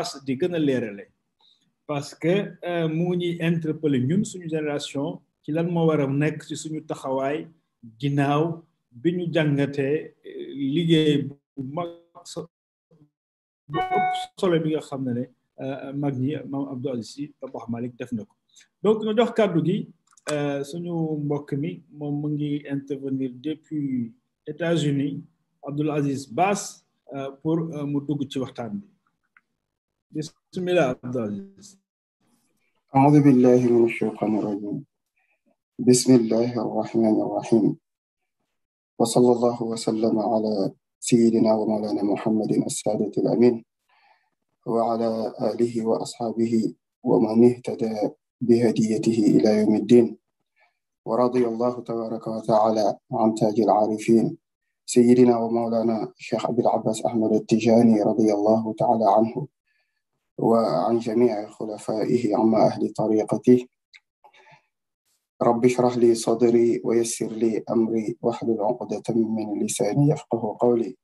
passe di gën a parce que euh, mu ñuy interpellé ñun suñu génération ci lan mo wara a nekk ci suñu taxaway ginaaw biñu jangaté euh, liggéey bu mag bu ëpp solo bi nga xamné ne ne euh, mag ñi maam Abdou Aziz Sy malik def nako donc na jox kàddu gi suñu mbokk mi mom mu ngi intervenir depuis États-Unis abdul Aziz Bass pour mu dugg ci waxtan bi بسم الله عبد العزيز أعوذ بالله من الشيطان الرجيم بسم الله الرحمن الرحيم وصلى الله وسلم على سيدنا ومولانا محمد السادة الأمين وعلى آله وأصحابه ومن اهتدى بهديته إلى يوم الدين ورضي الله تبارك وتعالى عن تاج العارفين سيدنا ومولانا الشيخ أبي العباس أحمد التجاني رضي الله تعالى عنه وعن جميع خلفائه عما أهل طريقته رب اشرح لي صدري ويسر لي أمري واحلل عقدة من لساني يفقه قولي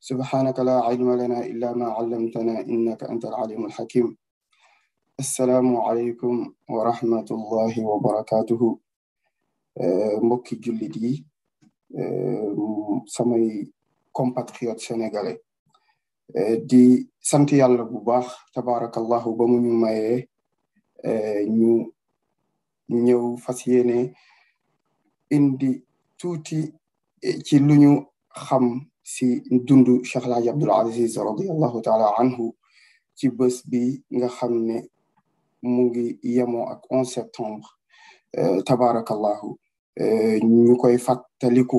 سبحانك لا علم لنا إلا ما علمتنا إنك أنت العليم الحكيم السلام عليكم ورحمة الله وبركاته أه، مكي جلدي أه، سمي samay سنغالي di sant yàlla bu baax tabaarakallahu ba mu ñu mayee ñu ñëw fas yéene indi tuti ci lu ñu xam ci dundu Cheikh laj Hadj Abdoul Aziz radiallahu taala anhu ci bëss bi nga xam ne mu ngi yemoo ak 11 septembre tabaarakallahu ñu koy fatali ko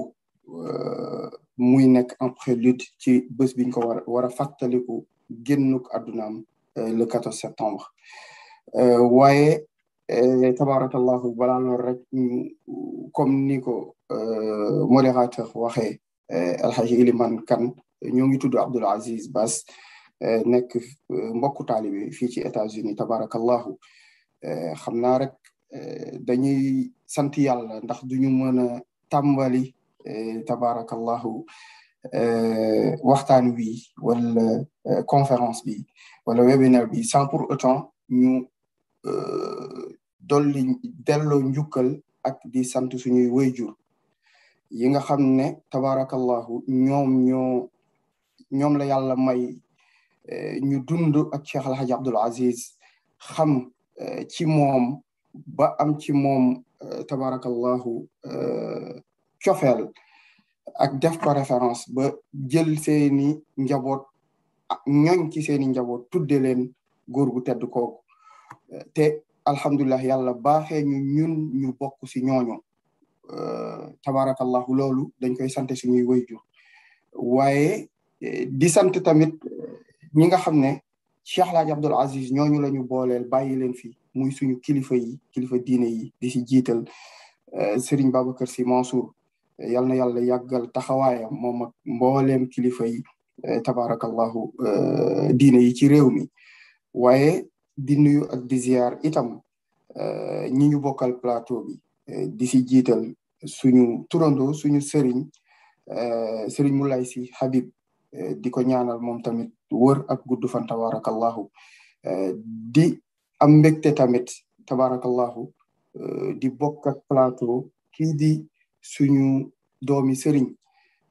muy nekk en prélude ci bés biñ ko war war a fàttaliku génnuk addunaam le 14 septembre waaye tabarakallahu balaa loolu rek comme ni ko modérateur waxee alxaji iliman kan ñoo ngi tudd abdul aziz bas nekk mbokku taalibi fii ci états-unis tabarakallahu xam naa rek dañuy sant yàlla ndax duñu mën a tàmbali إيه، تبارك الله إيه، وقتان بي والكونفرنس إيه، بي ولا ويبينار بي سان بور اوتون نيو دولي دلو نيوكل اك دي سانت سونيي ويجور ييغا خامني تبارك الله نيوم نيو نيوم لا يالا ماي ني دوند اك شيخ الحاج عبد العزيز خم تي موم با ام تي موم تبارك الله أه cofel ak def ko référence ba jël seeni njaboot ñooñ ci seeni njaboot tudde leen góor gu tedd kooku te alhamdulilah yàlla baaxee ñu ñun ñu bokk si ñooñu euh, tabarakallahu loolu dañ koy sant suñuy wayjur waaye di sant tamit ñi nga xam ne Cheikh Laaj Abdul Aziz ñooñu la ñu booleel bàyyi leen fii muy suñu kilifa yi kilifa diine yi di si jiital euh, Serigne Babacar Sy Mansour yal na yàlla yàggal taxawaayam moom ak mbooleem kilifa yi eh, tabaarakallahu eh, diine yi ci réew mi waaye di nuyu ak di itam eh, ñi ñu bokkal plateau bi di si jiital suñu turando suñu sëriñ sëriñ Moulay Sy Habib di ko ñaanal moom tamit wër ak gudd fan tabaarakallahu di am mbégte tamit tabaarakallahu di bokk plateau kii suñu doomi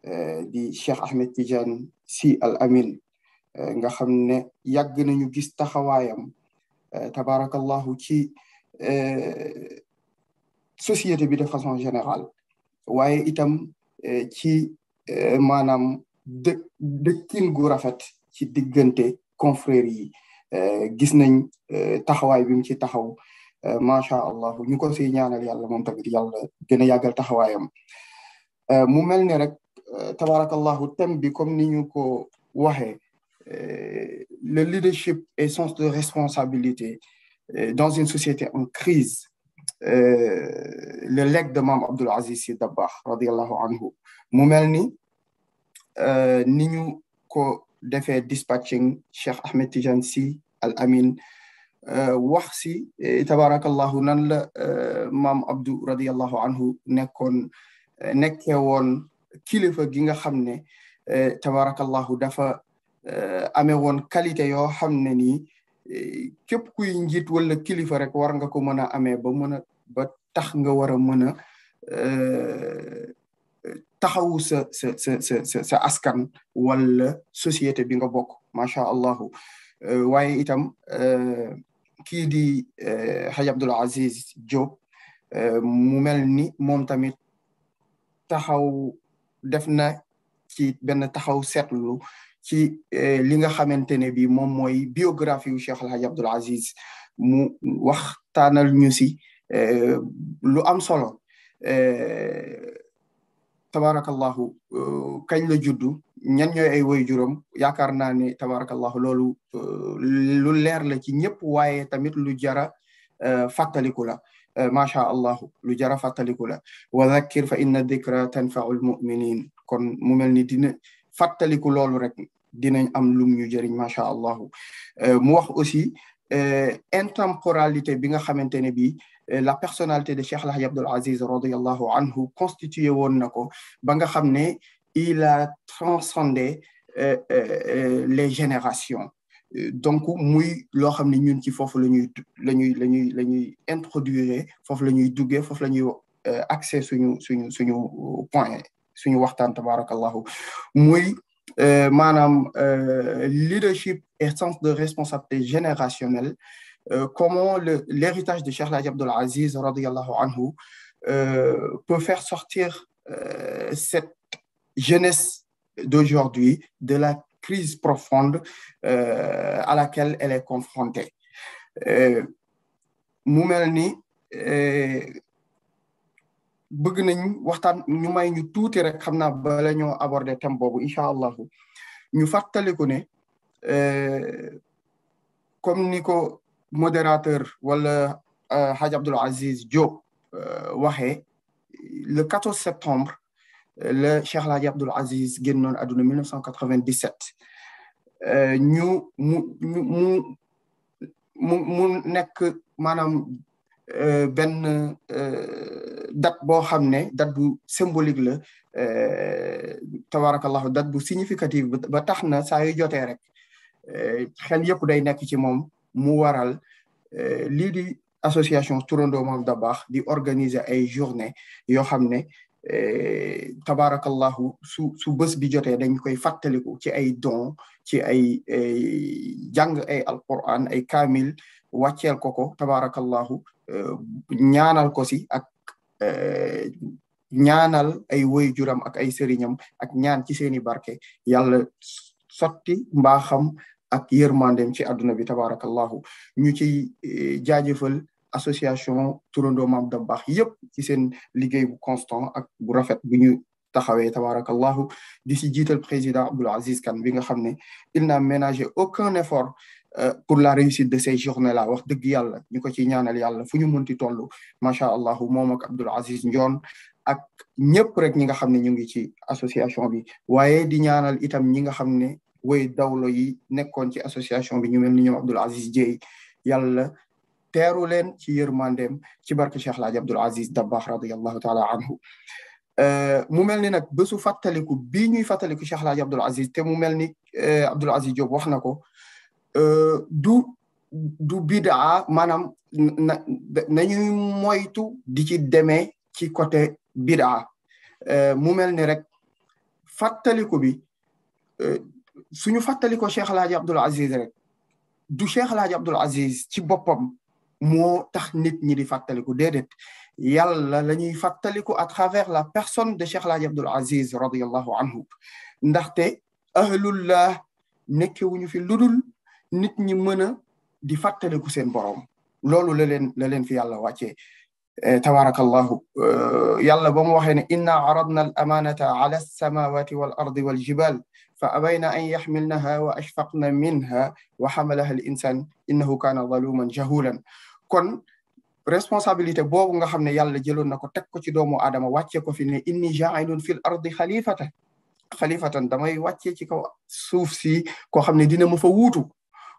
e di Cheikh Ahmed Tidiane si Al Amin eh, nga xam ne yàgg nañu gis taxawaayam eh, tabarakallahu ci e société bi de façon général waaye itam ci e maanaam dë dëkkin gu rafet ci diggante confrères yi gis nañ taxawaay bi ci taxaw macha allah ñu ko si ñaanal yàlla moom tamit yàlla gën a yàggal taxawaayam mu mel ne rek tabarakallahu thème bi comme ni ko waxee le leadership et sens de responsabilité dans une société en crise le legs de Mame Abdoul Aziz Sy Dabakh radiallahu anhu mu mel ni ko defee dispatching Cheikh Ahmed tijan Sy Al Amin وحسي إيه، تبارك الله نال إيه، مام عبدو رضي الله عنه نكون إيه، نكون كلفة جينا خمنة تبارك الله دفع أميون كاليتا يو خمنة ني كيب كوي نجيت ولا كلفة رك وارنغا كو منا أمي بمنا بطخ نغا وارا منا تخاو س س س س س اسكان ولا سوسيتي بيغا بوك ما شاء الله واي ايتام أه كيدي حاج عبد العزيز جو مملني موم تاميت تخاو دفنا كي بن تخاو سيتلو كي ليغا خامتيني بي موم موي بيوغرافي شيخ الحاج عبد العزيز مو واختانال نيوسي لو ام سولو tabarakallahu euh, kañ la juddu ñan ñooy ay woy juróom yaakaar naa ne tabarakallahu loolu euh, lu leer la ci ñëpp waaye tamit lu jara euh, fàttaliku la macha allah lu jara fàttaliku la wa dhakkir fa inna dhikra tanfaul muminin kon mu mel ni dina fàttaliku loolu rek dinañ am lum ñu jëriñ macha allah mu wax aussi Euh, intemporalité bi nga euh, la personnalité de Cheikh Abdul Aziz anhu constitué il a transcendé euh, les générations donc introduire accès point euh, Madame, euh, leadership et sens de responsabilité générationnelle euh, comment l'héritage de Cheikh El Aziz peut faire sortir cette jeunesse d'aujourd'hui de la crise profonde à laquelle elle est confrontée Moumeni. bëgg nañ waxtaan ñu may ñu tuuti rek xam naa bala ñoo aborder thème boobu incha allahu ñu fàttaliku ne euh, comme ni ko modérateur wala euh, Hadj Abdoul Aziz Diop euh, waxee le 14 septembre le Cheikh El Hadj Abdoul Aziz génnoon àdduna 1997 ñu mu mu mu mu nekk maanaam. Euh, benn euh, date boo xam ne date bu symbolique la euh, tabarakallahu date bu significative ba tax na saa yu jotee rek xel yëpp day nekk ci moom mu waral lii di association Turandoo Maam Dabakh di organiser ay journée yoo xam ne tabarakallahu su su bés bi jotee dañ koy fàttaliku ci ay don ci ay jàng ay alquran ay kaamil wàcceel ko ko tabarakallahu Euh, ñaanal ko ak ak euh, ñaanal ay woy juram ak ay sëriñam ak ñaan ci seeni barke yàlla sotti mbaaxam ak yërmandem ci àdduna bi tabarakallahu ñu ciy euh, jaajëfal association turandoo Maam Dabakh yëpp ci seen liggéey bu constant ak bu rafet bu ñu taxawee tabarakallahu di si jiital président Abdoul Aziz Kane bi nga xam ne il n'a ménagé aucun effort pour la réussite de ces journées là wax dëgg yàlla ñu ko ci ñaanal yàlla fu ñu mënti toll macha allah moom ak Abdoul Aziz Ndione ak ñëpp rek ñi nga xam ne ñu ngi ci association bi waaye di ñaanal itam ñi nga xam ne way dawlo yi nekkoon ci association bi ñu mel ni ñoom Abdoul Aziz Dieye yàlla teeru leen ci yërmandem ci barke Cheikh Laaji Abdoul Aziz Dabakh radiyallahu taala anhu mu mel ni nag bésu fàttaliku bii ñuy fàttaliku Cheikh El Hadj Aziz te mu mel ni Abdoul Aziz Diop wax na ko du du bidaa maanaam na nañuy moytu di ci demee ci côté bidaa mu mel ni rek fàttaliku bi suñu fàttaliko Cheikh El Hadj Aziz rek du Cheikh El Hadj Aziz ci boppam moo tax nit ñi di fàttaliku déedéet. يالله لني فتلكو اتخافر لا بيرسون de شيخ الحاج عبد العزيز رضي الله عنه ندختي اهل الله نكيو في لودول نتني ني دي فتلكو سين بوروم لولو لالين لالين في الله واتي تبارك الله يلا بوم وخين ان عرضنا الامانه على السماوات والارض والجبال فابين ان يحملناها واشفقنا منها وحملها الانسان انه كان ظلوما جهولا كن responsabilité boobu nga xam ne yàlla jëloon na ko teg ko ci doomu Adama wàccee ko fi ne inni jaa'ilun fil ardi xalifata xalifatan damay wàccee ci kaw suuf si koo xam ne dina ma fa wuutu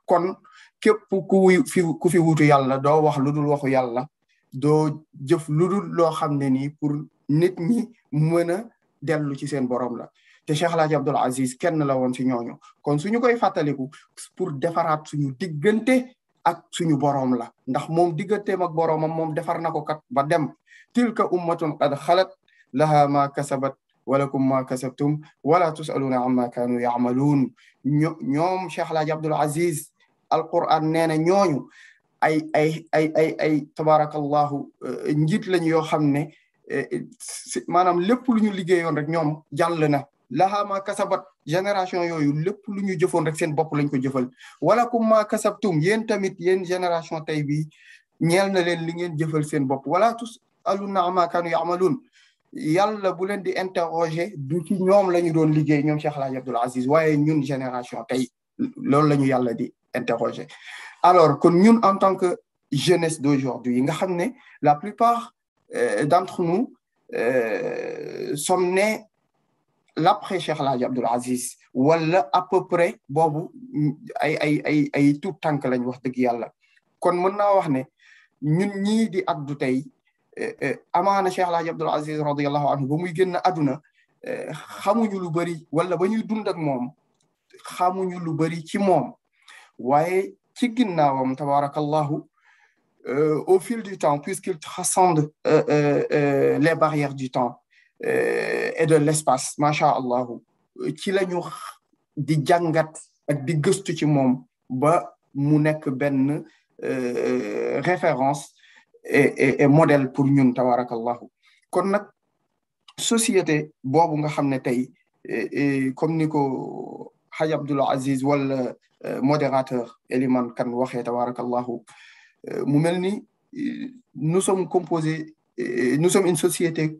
kon képp ku fi ku fi wuutu yàlla doo wax lu dul waxu yàlla doo jëf lu dul loo xam ne nii pour nit ñi mën a dellu ci seen borom la te Cheikh El Hadj Abdoul Aziz kenn la woon si ñooñu kon suñu koy fàttaliku pour defaraat suñu diggante ak suñu borom la ndax moom digganteem ak boromam moom defar na ko kat ba dem tilka ummatun qad xalat laha ma kasabat ولكم ما كسبتم ولا تسألون عما كانوا يعملون ñoom Cheikh Alhaji Abdul Aziz alquran nee na ay ay ay ay ay tabarakallahu njiit lañ yoo xam ne maanaam lépp lu ñu rek ñoom jàll na laha ma kasabat génération yooyu lépp lu ñu jëfoon rek seen bopp lañ ko jëfal wala kum maa kasabtum yéen tamit yéen génération tey bi ñeel na leen li ngeen jëfal seen bopp wala tous aluna ama kanu yamalun yàlla bu leen di interroger du ci ñoom la ñu doon liggéey ñoom Cheikh Alhaji abdul Aziz waaye ñun génération tey loolu la ñu yàlla di interroger alors kon ñun en tant que jeunesse d'aujourd'hui nga xam la plupart euh, d'entre nous euh, sommes nés l'après Cheikh Alhaji Abdoul Aziz wala à peu près bobu ay ay ay ay tout tànk lañ wax deug yàlla kon mën na wax ne ñun ñi di addu tey amana Cheikh Alhaji Abdoul Aziz radiyallahu anhu bu muy génn aduna xamuñu lu bari wala bañu dund ak mom xamuñu lu bari ci mom waye ci ginnawam tabarakallah euh au fil du temps puisqu'il transcende euh, euh, les barrières du temps Euh, et de l'espace macha allah qui la ñu di jangat ak di gëstu ci mom ba mu ben euh référence et et modèle pour ñun tabarakallahu kon nak société bobu nga xamné tay tey euh, euh, comme niko Hay Abdul Aziz wala modérateur Eliman Kan waxee tabarakallahu mu melni nous sommes composés nous sommes une société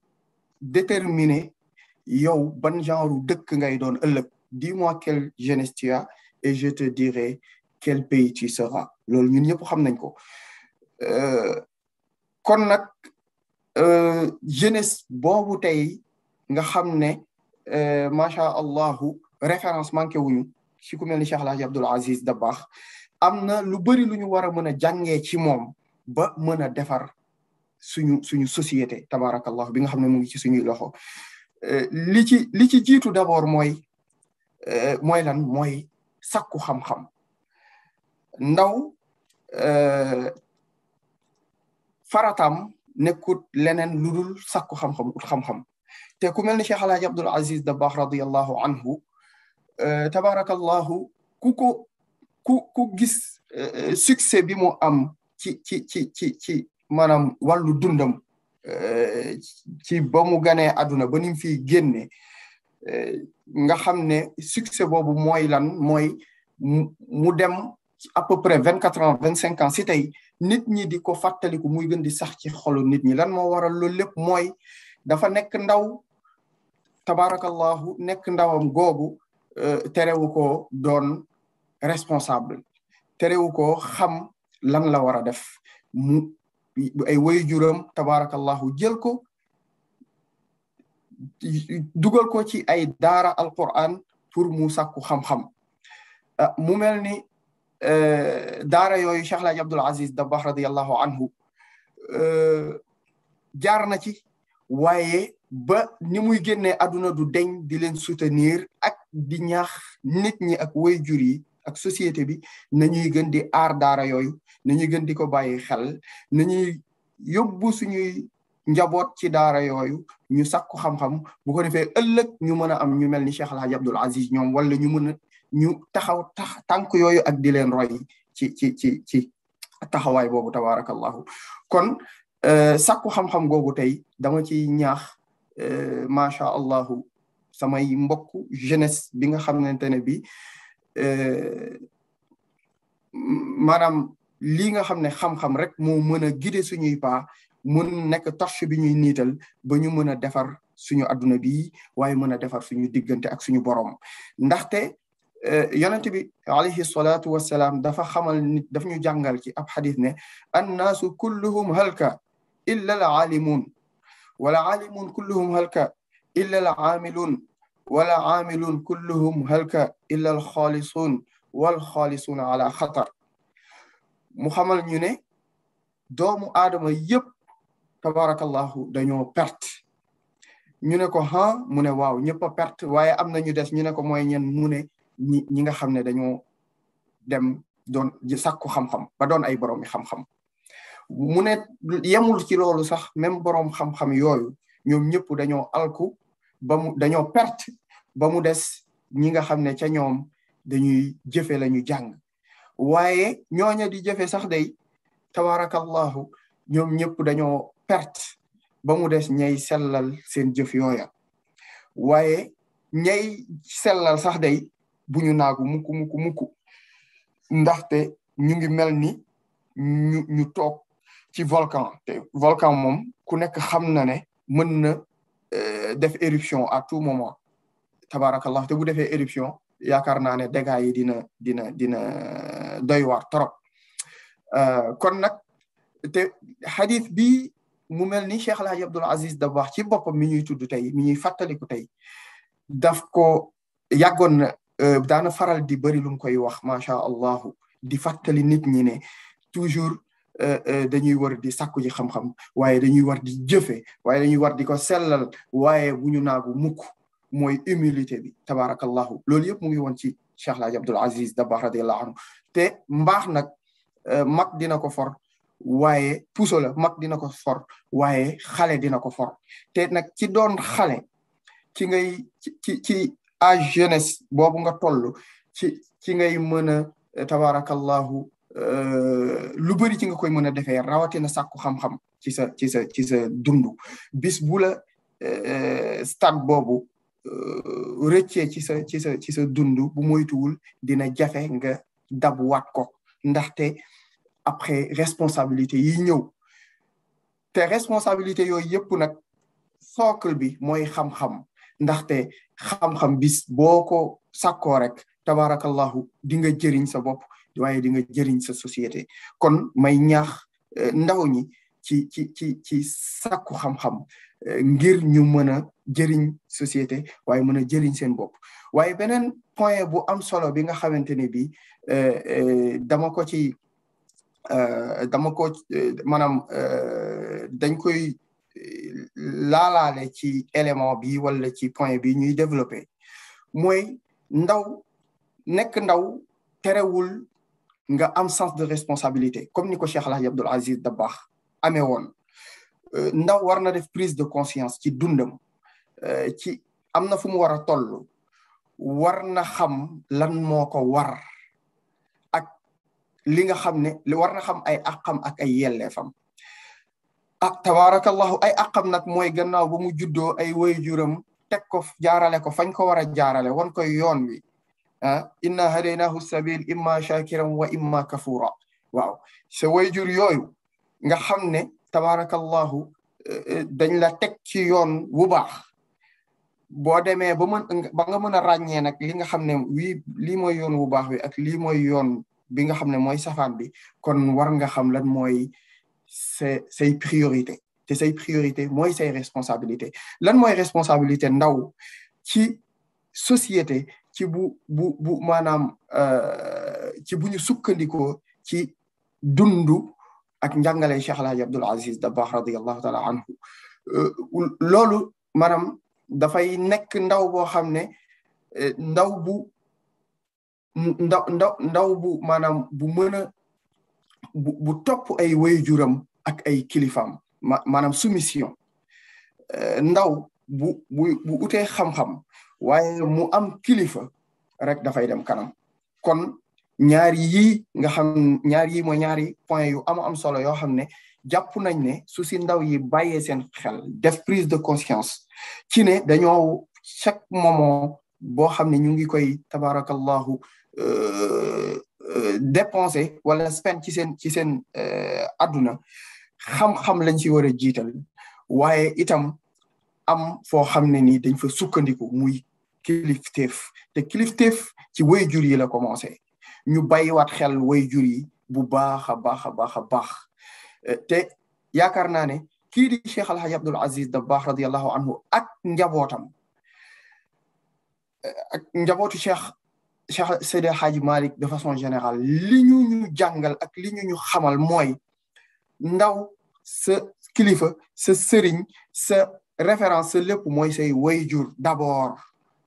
déterminé yow ban genre de ngay don ëllëg dis-moi quelle jeunesse tu as et je te dirai quel pays tu seras lol ñun ñëpp xam nañ ko euh, kon euh jeunesse bobu tay nga xam ne euh, macha Allah référence manké wuñu ci ku melni Cheikh El Hadj Aziz Dabakh am lu bëri lu ñu wara mëna mën ci mom ba mëna défar suñu suñu société tabarakallahu bi nga xam ne mu ngi ci suñuy loxo euh, li ci li ci jiitu d'abord mooy euh, mooy lan mooy sakku xam-xam ndaw euh, faratam nekkut leneen lu dul sakku xam-xam ut xam-xam te ku mel ni Cheikh Alhaji Abdul Aziz Dabakh radiyallahu anhu tabarakallahu ku ko ku ku gis succès bi mu am ci ci ci ci ci maanaam wàllu dundam eh, ci bamu mu ganee àdduna ba ni mu fiy génne eh, nga xam ne succès boobu mooy lan mooy mu dem à peu près vingt quatre ans vingt cinq ans si tey nit ñi di ko fàttaliku muy gën sax ci xolu nit ñi lan moo waral loolu lépp mooy dafa nekk ndaw tabaarakallahu nekk ndawam googu eh, terewu ko doon responsable terewu ko xam lan la war a def mu ay wayjuram tabaarakallahu jël ko dugal ko ci ay daara alquran pour mu sàkku xam-xam ah, mu mel ni eh, daara yooyu Cheikh Alaaji Abdul Aziz Dabakh radiallahu anhu eh, jaar na ci waaye ba ni muy génnee àdduna du deñ di leen soutenir ak di ñaax nit ñi ak wayjur yi ak société bi nañuy gën di aar daara yooyu nañuy gën di ko bàyyi xel nañuy yóbbu suñuy njaboot ci daara yooyu ñu sakku xam-xam bu ko defee ëllëg ñu mën a am ñu mel ni Cheikh El Hadj Aziz ñoom wala ñu mën a ñu taxaw tax tànk yooyu ak di leen roy ci ci ci ci taxawaay boobu tabarakallahu kon euh, sakku xam-xam googu tey dama ci ñaax euh, macha allahu samay mbokk jeunesse bi nga xamante ne bi maanaam lii nga xam ne xam-xam rek moo mën a guider suñuy pas mun nekk torche bi ñuy niital ba ñu mën a defar suñu adduna bi waaye mën defar suñu diggante ak suñu borom ndaxte yonent bi alayhi salaatu wasalaam dafa xamal nit daf ñu jàngal ci ab xadis ne annaasu kulluhum halka illa al alimun wala alimun kulluhum halka illa al amilun wala aamilun kulluhum halka illa alxaalisuun walxaalisuuna ala xatar mu xamal ñu ne doomu aadama yëpp tabarakallahu dañoo perte ñu ne ko ha mu ne waaw ñëpp perte waaye am na ñu des ñu ne ko mooy ñen mu ne ñi ñi nga xam ne dañoo dem doon ji sàkku xam-xam ba doon ay boroomi xam-xam mu ne yemul ci loolu sax même boroom xam-xam yooyu ñoom ñëpp dañoo alku bamu mu dañoo perte ba mu des ñi nga xam ne ca ñoom dañuy jëfe la ñu jàng waaye ñooña di jëfe sax day tabarakallahu ñoom ñëpp dañoo perte ba mu des ñay selal seen jëf yooya waaye ñay sellal sax day bu ñu naagu mukk mukk mukk ndaxte ñu ngi mel ni ñu toog ci volcan te volcan moom ku nekk xam na ne mën na euh, def éruption à tout moment tabarakallah te bu defee éruption yaakaar naa ne dégâts yi dina dina dina doy waar trop kon nag te xadis bi mu mel ni Cheikh Alhaji Abdoul Aziz Dabakh ci boppam mi ñuy tudd tey mi ñuy fàttaliku tey daf ko yàggoon na daana faral di bëri lu mu koy wax macha allahu di fàttali nit ñi ne toujours dañuy war di sàkku ji xam-xam waaye dañuy war di jëfe waaye dañuy war di ko sellal waaye bu ñu naagu mukk mooy humilité bi tabarakallahu loolu yëpp mu ngi woon ci Cheikh El Hadj Abdoul Aziz Dabakh radiyallahu anhu te mbaax nag euh, mag dina ko for waaye puso la mag dina ko for waaye xale dina ko for te nag ci doon xale ci ngay ci ci âge jeunesse boobu nga toll ci ci ngay mën a euh, tabarakallahu euh, lu bëri ci nga koy mën a defee rawatina sàkku xam-xam ci sa ci sa ci sa dund bis bu la boobu Euh, rëccee ci sa ci sa ci sa dund bu moytuwul dina jafe nga dabuwaat ko ndaxte après responsabilités yi ñëw te responsabilité yooyu yëpp nag socle bi mooy xam-xam ndaxte xam-xam bis boo ko sàkkoo rek tabarakallahu di dinga jëriñ sa bopp waaye di nga jëriñ sa société kon may ñaax euh, ndaw ñi ci ci ci ci sàkku xam-xam Eh, ngir ñu mën a jëriñ société waaye mën a jëriñ seen bopp waaye beneen point bu am solo bi nga xamante ne bi eh, eh, dama ko ci dama ko maanaam dañ koy laalaale ci élément bi wala ci point bi ñuy développé mooy ndaw nekk ndaw terewul nga am sens de responsabilité comme ni ko Cheikh El Hadj Aziz Dabakh amé woon Euh, ndaw war na def prise de conscience ci dundam euh, ci am na fu mu war a toll war na xam lan moo ko war ak li nga xam ne war na xam ay àqam ak ay yelleefam ah tabaarakallahu ay àqam nag mooy gannaaw ba mu juddoo ay juram teg ko jaarale ko fañ ko war a jaarale wan koy yoon wi ah inna hadaynahu sabil imma shakiran wa imma kafura waaw sa waajur yooyu nga xam ne tabaarakallahu eh, eh, dañ la teg ci yoon wu baax boo demee ba mën ba nga mën a ràññee nag li nga xam ne wii lii mooy yoon wu baax bi ak lii mooy yoon bi nga xam ne mooy safaan bi kon war nga xam lan mooy say say priorité te say priorité mooy say responsabilité lan mooy responsabilité ndaw ci société ci bu bu bu maanaam euh, ci bu ñu ci dundu ak njàngale Cheikh El Hadj Abdoul Aziz Dabakh radiyallahu taala anhu loolu maanaam dafay nekk ndaw boo xam ne ndaw bu ndaw ndaw ndaw bu manam bu mën a bu bu topp ay wayjuram ak ay kilifam manam soumission ndaw bu bu bu utee xam-xam waaye mu am kilifa rek dafay dem kanam kon ñaari yi nga xam ñaar yi mooy ñaari point yu am am solo yoo xam ne jàpp nañ ne su si ndaw yi bàyyee seen xel def prise de conscience ci ne dañoo chaque moment boo xam ne ñu ngi koy tabarakallahu euh, dépenser wala spend ci seen ci seen adduna euh, xam-xam lañ si war a jiital waaye itam am foo xam ne ni dañ fa sukkandiku muy kilifteef te kilifteef ci wéy jur yi la commencé ñu bàyyiwaat xel way jur yi bu baax a baax a baax a baax te yaakaar naa ne kii di cheikh alhaji abdul aziz da baax radiallahu anhu ak njabootam ak njabootu cheikh cheikh sede alhaji malik de façon générale li ñu ñu jàngal ak li ñu ñu xamal mooy ndaw sa kilifa sa sëriñ sa référence sa lépp mooy say way jur d' abord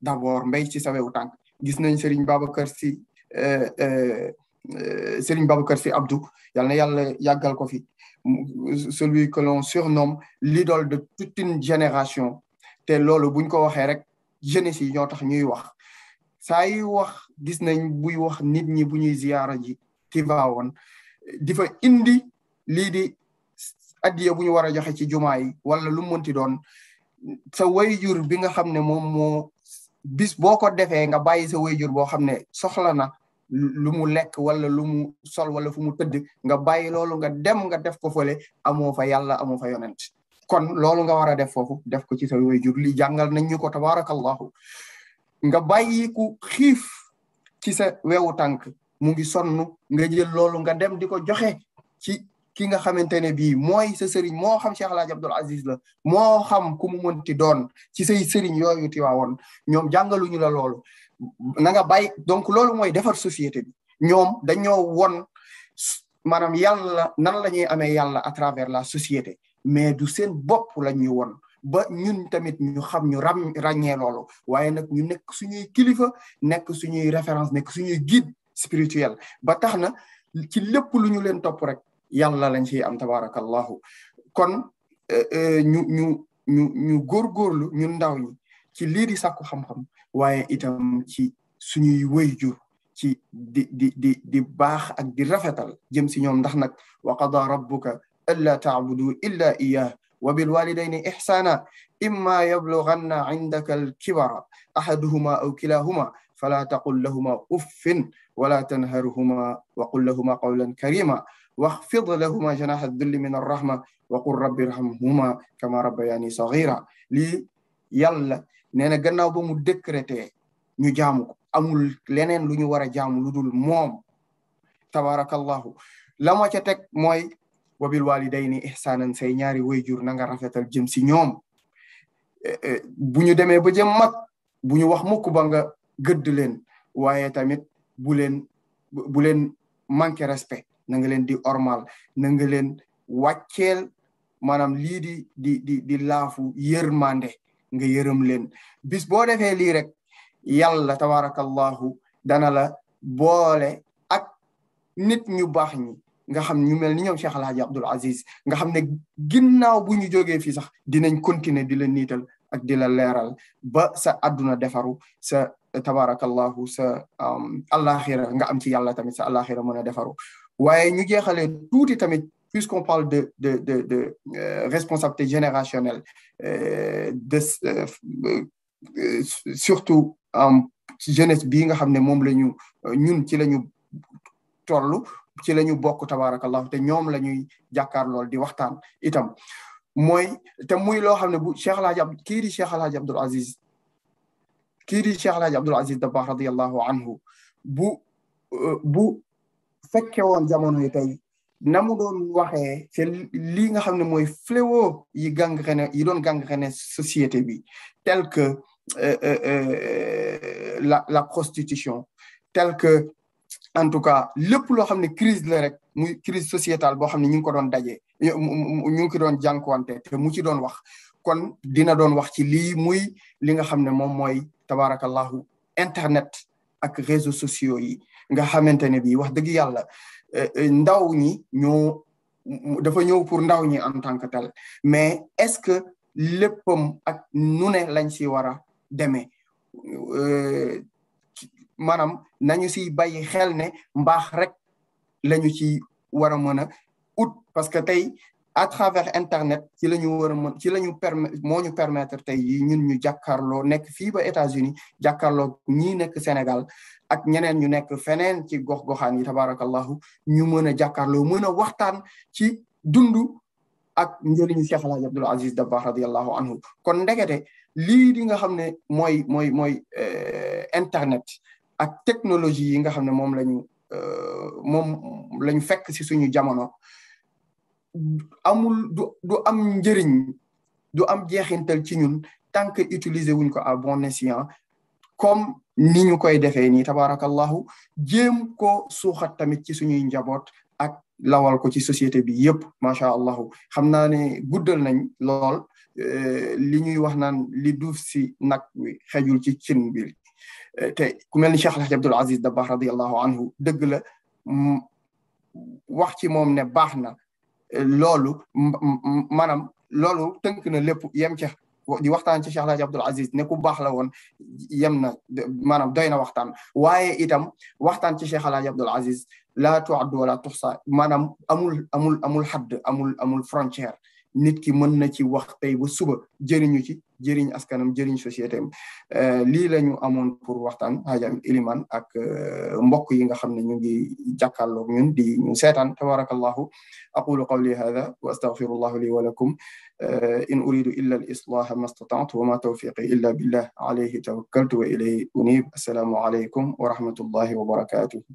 d' abord mbay ci sa wewu tànk gis nañ sëriñ babacar si Eh, eh, Serigne Babacar Sy Abdou yal na yàlla yàggal ko fi celui que l'on surnomme l'idole de toute une génération te loolu buñ ko waxee rek jeunesse yi ñoo tax ñuy wax saa yi wax gis nañ buy wax nit ñi bu ñuy ziyaara ji Tivaouane di fa indi lii di addiya bu ñu war a joxe ci jumaa yi wala lu mënti doon sa wayjur bi nga xam ne moom moo bis boo ko defee nga bàyyi sa wayjur boo xam ne soxla na lu mu lek wala lu mu sol wala fu mu teud nga bàyyi loolu nga dem nga def ko fele amo fa yalla amo fa yonent kon loolu nga wara def fofu def ko ci sa way jur li jangal nañ ñuko tabarakallah nga bàyyi ku xif ci sa wewu tank mu ngi sonnu nga jël loolu nga dem diko joxe ci ki nga xamantene bi moy sa serigne mo xam Cheikh Alhaji abdul Aziz la mo xam ku mu ti doon ci say sëriñ yooyu tiwaawoon ñoom la nanga nga bàyyi donc loolu mooy defar société bi ñoom dañoo won maanaam yàlla nan la ñuy amee yàlla à travers la société mais du seen bopp la ñuy won ba ñun tamit ñu xam ñu ram ràññee waaye nag ñu nekk suñuy kilifa nekk suñuy référence nekk suñuy guide spirituel ba tax na ci lépp lu ñu leen topp rek yàlla lañ ciy am tabarakallahu kon euh, euh, ñu ñu ñu ñu góorgóorlu ñu ndaw ñi ci lii di sàkku xam-xam waye itam ci suñuy wayju ci di di di di baax ak di rafetal jëm ci ñoom ndax nak wa qada rabbuka alla ta'budu illa iyyah wa bil walidayni ihsana imma yablughanna 'indaka al الكبر ahaduhuma aw kilahuma fala taqul لهما uffin ولا تنهرهما وقل لهما قولا كريما واخفض لهما جناح الذل من الرحمة وقل رب ارحمهما كما ربياني صغيرا لي يلا nee na gannaaw ba mu décrété ñu jaamu ko amul leneen lu ñu war a jaamu lu dul moom tabarakallahu la ma ca teg mooy wa bil walidayni ihsanan say ñaari wayjur na nga rafetal jëm si ñoom e, e, bu ñu demee ba jëm mag bu ñu wax mukk ba nga gëdd leen waaye tamit bu leen bu leen manqué respect na nga leen di ormal na nga leen wàcceel maanaam lii di di di di laafu yërmande nga yërëm leen bis boo defee lii rek yàlla tabarakallahu dana la boole ak nit ñu baax ñi nga xam ñu mel ni ñoom Cheikh Alhaji Abdul Aziz nga xam ne ginnaaw bu ñu jógee fii sax dinañ continuer di la niital ak di la leeral ba sa adduna defaru sa tabarakallahu sa alaxira nga am ci yàlla tamit sa alaxira mën a defaru waaye ñu jeexalee tuuti tamit puisqu'on parle de, de, de, euh, responsabilité générationnelle, euh, euh, surtout en jeunesse bien nga nous ñun ci qui ci tabarakallah de nous nous di waxtan itam bu Cheikh Cheikh Aziz Cheikh Aziz anhu bu bu namu doon waxee ci li nga xam moy fléau yi gangrène yi doon gangrène société bi tel que euh, euh, euh, la la prostitution tel que en tout cas lepp lo xam crise la rek muy crise sociétale bo xam ñu ko doon dajé ñu ngi ko doon jànkuwante te mu ci doon wax kon dina doon wax ci li muy li nga xam mom moy tabaraka tabaarakallahu internet ak réseaux sociaux yi nga xamante ne wax deug yalla Euh, euh, ndaw ñi ñoo dafa ñëw pour ndaw ñi en tant que tel mais est-ce que léppam ak nu ne lañ si war a demee euh, maanaam nañu si bayi xel ne mbaax rek lañu ci war a mën a tey à travers internet ci la ñu war a mën ci la ñu permettre moo ñu tey yi ñun ñu jàkkaarloo nekk fii ba États-Unis jàkkaarloo ñii nekk Sénégal ak ñeneen ñu nekk feneen ci gox-goxaan yi tabarakallahu ñu mën a jàkkaarloo mën a waxtaan ci dund ak njëriñu Cheikh Alhaji Abdoul Aziz Dabakh radiallahu anhu kon ndegete lii di nga xam ne mooy mooy mooy euh, internet ak technologie yi nga xam ne moom lañu euh, moom lañu fekk si suñu jamono amul du du am njëriñ du am jeexintal ci ñun tant que utiliser wuñ ko à bon escient comme ni ñu koy defee nii tabarakallahu jéem ko suuxat tamit ci suñuy njaboot ak lawal ko ci société bi yëpp macha allahu xam naa ne guddal nañ lool li ñuy wax naan li duuf si nag wi xejul ci cin bi te ku mel ni Cheikh Alhaji Abdul Aziz Dabakh radiallahu anhu dëgg la wax ci moom ne baax na loolu maanaam loolu tënk na lépp yem ca di waxtaan ci Cheikh Alhaji Abdoul Aziz ne ku bax la won yem na manam doyna na waxtaan waaye itam waxtaan ci Cheikh Alhaji Abdoul Aziz la tuaddu wala tuhsa manam amul amul amul hadd amul amul frontière nit ki mën na ci wax tey ba suba jëriñu ci jëriñ askanam jëriñ société am lii la ñu amoon pour waxtaan Hajam iliman ak mbokk yi nga xam ne ñu ngi jàkkaarloog ñun di ñu seetaan tabarakallahu aqulu qawli hadha wa astaghfirullahu li wa lakum in uridu illa al-islah ma istata'tu wa ma tawfiqi illa billah alayhi tawakkaltu wa ilayhi unib assalamu alaykum wa rahmatullahi wa barakatuh